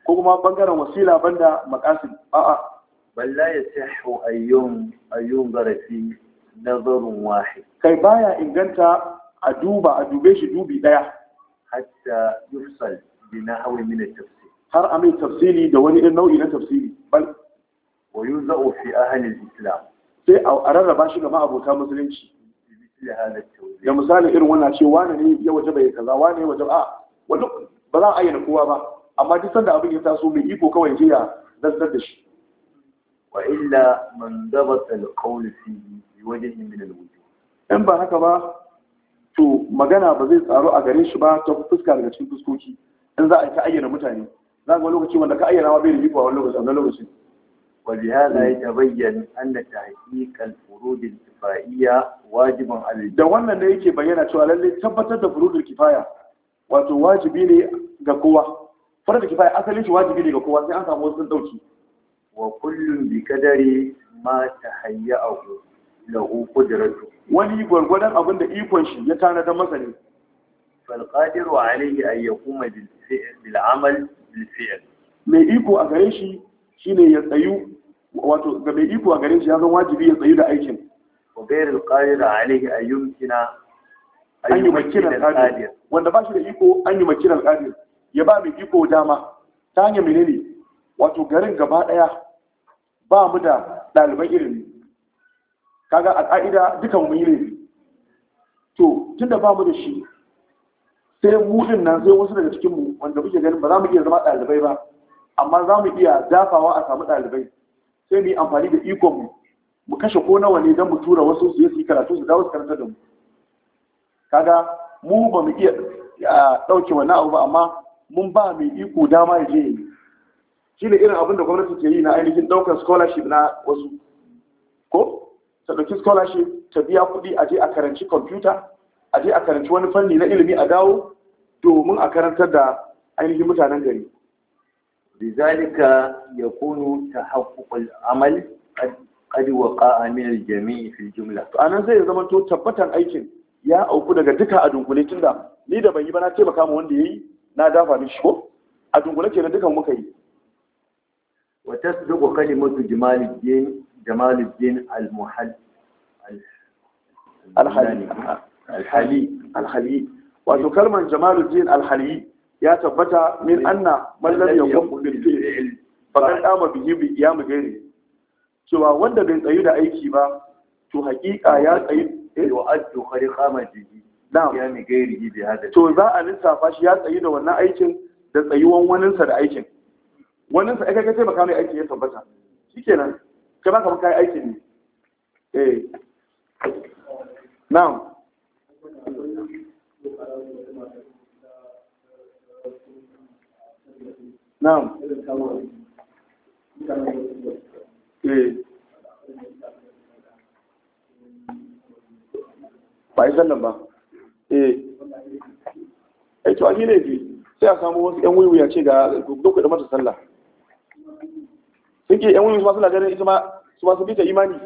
ko kuma bangaren wasila banda makasin a'a balla ya sahu ayyun ayyun garafi nazarun wahid kai baya inganta a duba a dube shi dubi daya hatta yufsal bi nahwi min at-tafsir har a mai tafsiri da wani irin nau'i na tafsiri bal wa yuzau fi ahli al-islam sai a rarraba shi ga ma'abota musulunci ya misali irin wannan ce wani ne ya waje bai kaza wani ya waje a wani ba za a ayyana kowa ba amma duk sanda abin ya taso mai iko kawai je ya zartar da shi wa illa man dabata alqawl fi wajhin min alwujuh in ba haka ba to magana ba zai tsaro a gare shi ba ta fuska daga cikin fuskoki in za a ta ayyana mutane za ga lokaci wanda ka ayyana bai da iko a wani lokaci a wani lokaci ولهذا يتبين أن تحقيق الفروض kifaiya wajiban alayhi da wannan da yake bayyana cewa lalle tabbatar da furudul kifaya wato wajibi ne ga kowa furudul kifaya asalin shi wajibi ne ga kowa sai an samu wasu dauki wa kullun bi kadari ma tahayya'u lahu qudratu wani gurgurdan abin da ikon shi ya tana da masani fal qadiru alayhi an yakuma bil fi'l bil amal bil fi'l mai iko a gare shi shine ya tsayu wato ga mai iko a gare shi ya zama wajibi ya tsayu da aikin وغير القادر عليه أن يمكن أن يمكن القادر وأن باش يكو أن يمكن القادر يبقى من يكو داما تاني منيني wato garin gaba daya ba mu da ɗaliban ilimi kaga al'aida dukan mu ilimi to tunda ba mu da shi sai mu nan sai wasu daga cikin mu wanda muke ganin ba za mu iya zama ɗalibai ba amma za mu iya dafawa a samu ɗalibai sai mu yi amfani da ikonmu. mu kashe ko nawa ne don mu tura wasu su yi karatu su dawo su karanta da mu kaga mu ba mu iya ɗauke wani abu ba amma mun ba mai iko dama ya je yi shi ne irin abin da gwamnati ke yi na ainihin ɗaukar scholarship na wasu ko ta ɗauki scholarship ta biya kuɗi a je a karanci kwamfuta a je a karanci wani fanni na ilimi a dawo domin a karantar da ainihin mutanen gari bizalika ya kunu ta haƙuƙul amal qad waqa'a min al-jami' fi jumla to anan sai ya zama to tabbatan aikin ya auku daga duka a dunkule tunda ni da ban yi ba na taimaka ma wanda yayi na dafa mishi ko a dunkule kenan dukan muka yi wa tasduqu kalimatu jamaluddin jamaluddin al-muhall al-hali al-hali wato kalman jamaluddin al-hali ya tabbata min anna man lam yakun bil fi'l faqad qama bihi bi qiyam ghairi cewa wanda bai tsayu da aiki ba to hakika ya tsayu yu'addu khariqama jiji na ya mi gairi bi hada to za a lissafa shi ya tsayu da wannan aikin da tsayuwan sa da aikin sa ai kaga taimaka mai aiki ya tabbata shikenan kai ba ka kai aiki ne eh na'am na'am Eh. ba yi sallan ba eh, eh to an yi laifi sai a samu wasu yan wuyu ya ce ga duk da mata sallah sun yan wuyu su ma ganin ita ma su masu su bi ta imani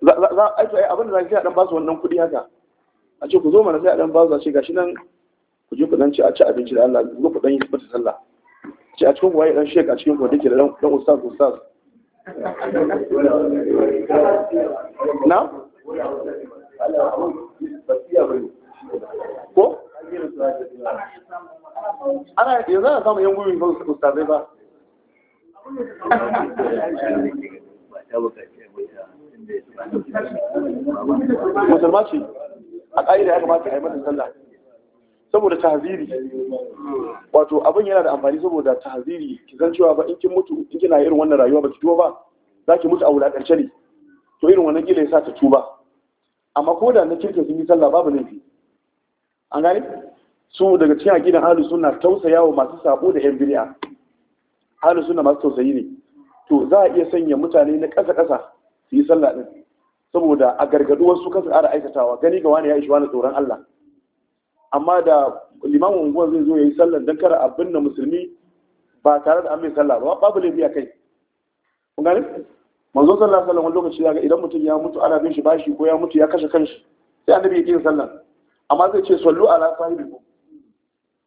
za a aiki abinda da sai a ɗan basu wannan kuɗi haka a ce ku zo mana sai a dan basu a ce shi nan ku je ku ɗan ci a ci abinci da Allah ku zo ku ɗan yi mata sallah ce a cikin waye dan shek a cikin wanda ke da dan ustaz ustaz na ko ana yanzu ana samun yan gurin ba ustazai ba musulma ce a ƙa'ida ya kamata a yi matan sallah saboda tahziri wato abin yana da amfani saboda tahziri ki san cewa ba in kin mutu in kina irin wannan rayuwa ba ki tuba ba za ki mutu a wulakance ne to irin wannan kila ya sa ta tuba amma ko da na kirkin sun yi sallah babu laifi an gane su daga cikin aqidan ahlus sunna tausaya wa masu sabo da yan bid'a ahlus sunna masu tausayi ne to za a iya sanya mutane na ƙasa ƙasa su yi sallah din saboda a gargaduwar su kasa ƙara aikatawa gani ga wani ya ishi wani tsoron Allah amma da limamin unguwar zai zo ya yi sallar don kara abin da musulmi ba tare da an mai sallah ba babu laifi a kai kun gani manzo sallah sallan wani lokaci ya ga idan mutum ya mutu ana bin shi bashi ko ya mutu ya kashe kanshi sai annabi ya yin sallan amma zai ce sallu ala sahibikum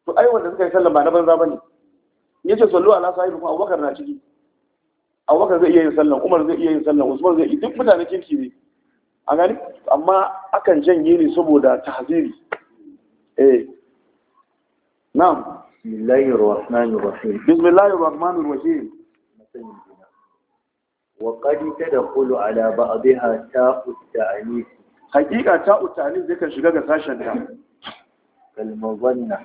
to ai wanda suka yi sallan ba na banza bane ya ce sallu ala sahibikum abubakar na ciki abubakar zai iya yin sallan umar zai iya yin sallan usman zai iya duk mutane kirki ne a gani amma akan janye ne saboda tahziri eh na'am bismillahir rahmanir rahim bismillahir rahmanir rahim wa qad tadkhulu ala ba'dha ta'u ta'anis haqiqa ta'u ta'anis zai kan shiga ga sashen ta kalmazanna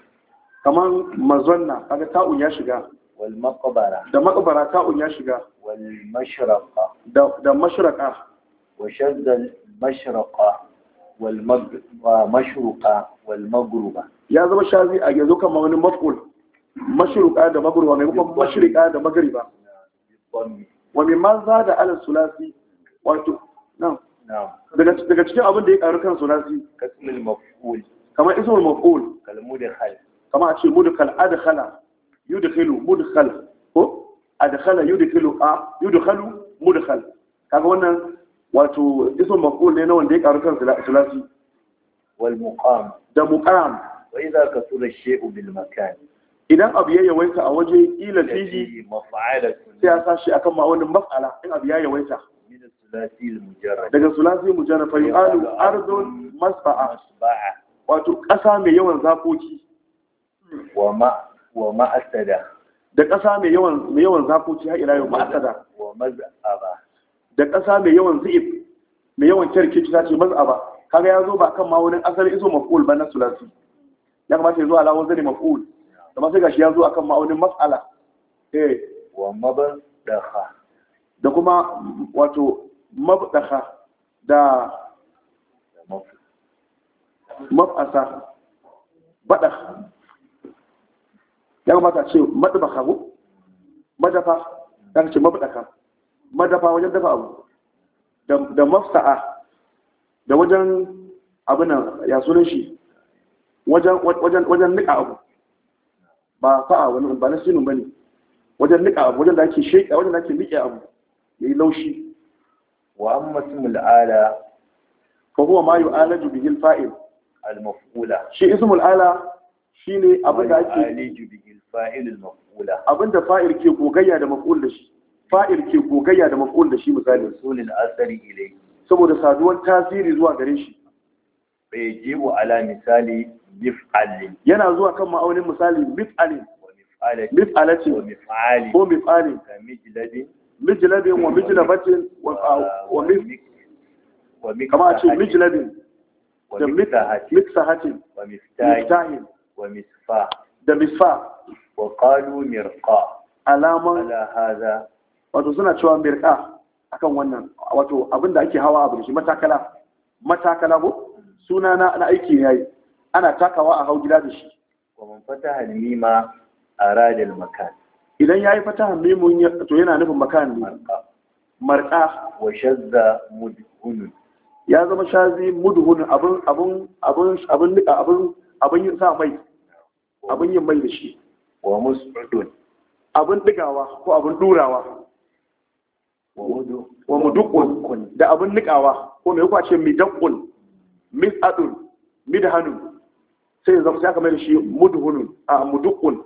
kaman mazanna kaga ta'u ya shiga wal maqbara da maqbara ta'u ya shiga wal mashraqa da mashraqa wa shadda al mashraqa wal mashruqa wal maghruba ya zama shazi a yanzu kamar wani maf'ul mashruqa da maghruba mai kuma mashriqa da maghriba wa mimman zada ala sulasi wato na'am daga cikin abin da ya karu kan sulasi kasmul maf'ul kamar ismul maf'ul kal mudkhal kamar a ce mudkhal adkhala yudkhilu mudkhal ko adkhala yudkhilu a yudkhalu mudkhal kaga wannan wato ismin maf'ul ne na wanda ya karu kan sulasi wal muqam da muqam wa idza kasura shay'u bil makan idan abu ya yawaita a waje ila fihi sai a sashi akan ma wani maf'ala in abu ya yawaita daga sulasi mujarrad fa yu'alu ardun masba'a wato ƙasa mai yawan zakoki wa ma wa ma'asada da ƙasa mai yawan mai yawan zakoki har ila yau ma'asada wa maz'aba da ƙasa mai yawan zi'ib mai yawan kirkici ta ce ba kaga ya zo ba kan ma wurin asali iso maf'ul ba na sulasi ya kamata ya zo ala wazani maf'ul amma sai gashi ya zo akan ma'aunin mas'ala eh wa mabdaha da kuma wato mabdaha da mabasa baɗa. ya kamata ce madbakha ko madafa dan ce mabdaka. madafa wajen dafa abu da mafsa'a da wajen abinan ya sunan shi wajen nika abu ba fa'a wani ba na sinu bane wajen nika abu wajen da ake sheka wajen da ake miƙe abu yi laushi wa an masu mul'ala ko kuma ma yu'alaju bihi al-fa'il al-maf'ula shi mul'ala shi ne abin da ake fail al abin da fa'il ke gogayya da mafula shi fa'il ke gogayya da maf'ul da shi misalin sulil asari ilai saboda saduwar tasiri zuwa gare shi bai jibu ala misali mif'alin yana zuwa kan ma'aunin misali mif'alin mif'alatin ko mif'alin mijilabin, wa mijlabatin wa mif kama ce mijlabin da mitsahatin wa miftahin wa misfa da misfa wa qalu mirqa alaman ala wato suna cewa mirka akan wannan wato abinda ake hawa a shi matakala matakala ko suna na na aiki yayi ana takawa a hau gida da shi wa man fataha lima aradil makan idan yayi fataha mimun to yana nufin makan ne marka wa shazza mudhun ya zama shazi mudhun abun abun abun abun nika abun abun yin sa mai abun yin mai da shi wa musudun abun digawa ko abun durawa wa mudukun da abin nikawa ko me kuwa ce midaqqun midadun midhanun sai zama sai aka mai shi mudhunun a mudukun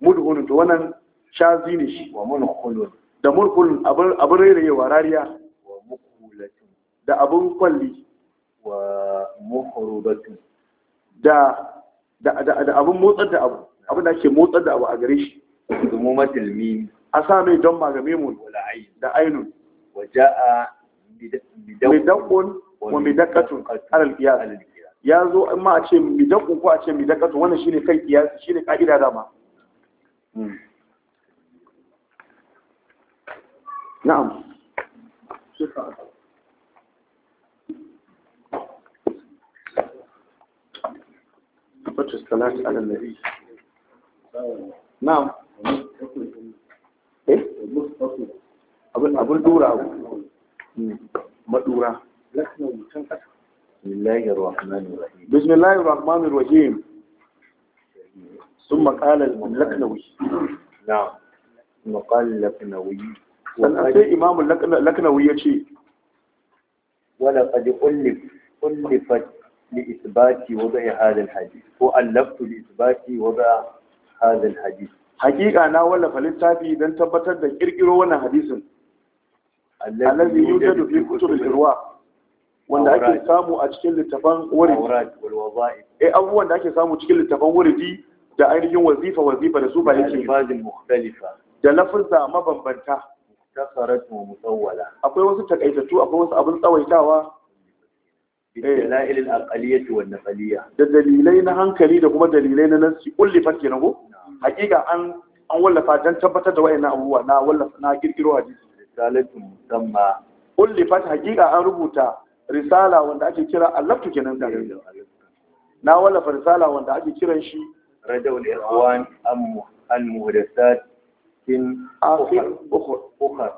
mudhunun to wannan shazi ne shi wa mulkulun da mulkhulun abin abin wa rariya wa mukulatun da abin kwalli wa muhrubatun da da da abin motsar da abu abin da ake motsar da abu a gare shi zumumatul mim a sa mai don magami ga da da waje a midakun wa midakatun alal kiyar ya zo in ma a ce midakun ko a ce midakatun wannan ne kai shi ne kaida dama hmm. na'am Wacce ala Na'am. abin eh? abin dura ku بسم الله الرحمن الرحيم ثم قال اللكنوي نعم قال اللكنوي سنأتي إمام اللكنوي يتي ولقد ألف ألفت لإثبات وضع هذا الحديث وألفت لإثبات وضع هذا الحديث hakika na wallafa littafi don tabbatar da kirkiro wannan hadisin allazi yujadu fi kutubil irwa wanda ake samu a cikin littafan wuridi eh abubuwan da ake samu cikin littafan wuridi da ainihin wazifa wazifa da su ba yake da lafuzza mabambanta tasarat mutawwala akwai wasu takaitattu akwai wasu abin tsawaitawa bidalail al-aqliyah wa da dalilai na hankali da kuma dalilai na nassi ulli fakke nago hakika an an wallafa don tabbatar da wayannan abubuwa na wallafa na kirkiro hadisi risalatu musamma ullifat hakika an rubuta risala wanda ake kira allaftu kenan da na wallafa risala wanda ake kiran shi radawul ikhwan am al muhdathat in akhir ukhra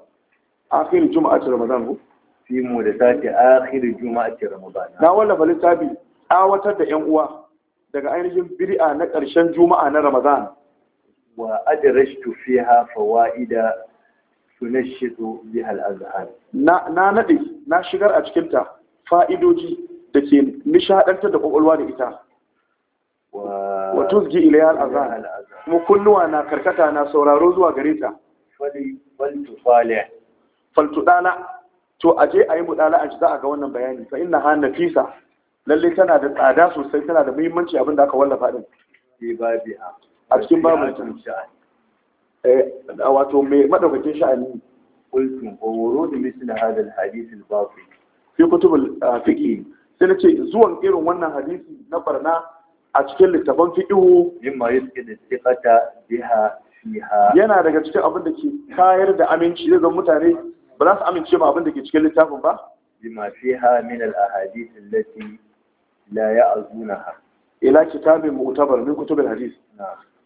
akhir jum'at ramadan ko fi muhdathat akhir jum'at ramadan na wallafa littafi awatar da yan uwa daga ainihin bid'a na ƙarshen juma'a na ramadan وأدرجت فيها فوائد تنشط بها a نا نا ندي نا شجر أشكنتا فائدوجي دكين نشاط أنت دقوا الوالي إتا وتزجي إليها na karkata na كركتا أنا سورا روزوا غريتا فلتطالع فلتطالع to aje a yi mudala a ji za a ga wannan bayani fa inna ha nafisa lalle tana da tsada sosai tana da muhimmanci abin da aka wallafa din a cikin cikin sha'ani eh, wato mai madaukakin sha'ani qultum horo da mai suna al-hadith babu. fi kutub al ah, Sai sai ce zuwan irin wannan hadisi na barna a cikin littafan Yin suke da suke istiqata biha fiha yana daga cikin abin da ke kayar da aminci zan mutane ba za su amince ma abin da ke cikin littafin ba bima fiha min al-ahadith allati la ya'zunaha ila kitabin mu'tabar min kutubin al-hadith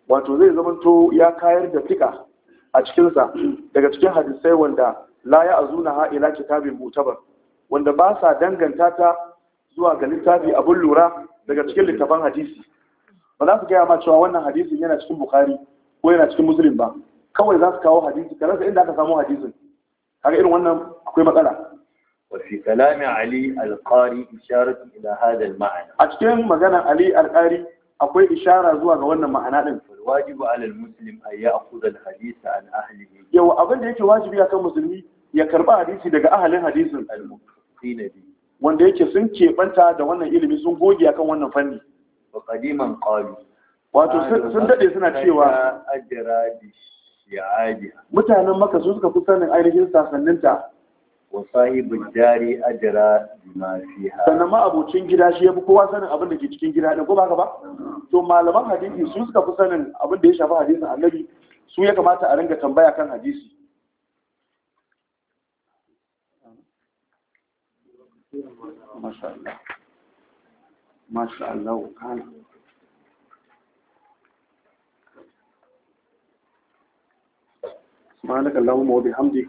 wato zai zamanto ya kayar da fika a cikinsa daga cikin hadisai wanda la ya zuna ha ila kitabin mutabar wanda ba sa danganta ta zuwa ga littafi bin lura daga cikin littafan hadisi ba za su gaya ma cewa wannan hadisin yana cikin bukari ko yana cikin musulun ba kawai za su kawo hadisi ka rasa inda aka samu hadisin kaga irin wannan akwai matsala وفي كلام علي القاري إشارة إلى هذا المعنى أتكلم مجانا علي القاري akwai ishara zuwa ga wannan ma'ana din wajibu alal muslim ay ya'khudha al hadith an ahlihi yau abin da yake wajibi akan musulmi ya karba hadisi daga ahalin hadisin al muqtadin wanda yake sun kebanta da wannan ilimi sun goge akan wannan fanni wa qadiman qalu wato sun dade suna cewa ajradi ya aji mutanen maka su suka fi sanin ainihin sasanninta wa sahibul dari ajra bima fiha sannan ma abocin gida shi yafi kowa sanin abin da ke cikin gida ɗin, ko ba ka ba to malaman hadisi su suka fi sanin abin da ya shafi hadisin annabi su ya kamata a ringa tambaya kan hadisi masha Allah masha Allah kana سبحانك اللهم وبحمدك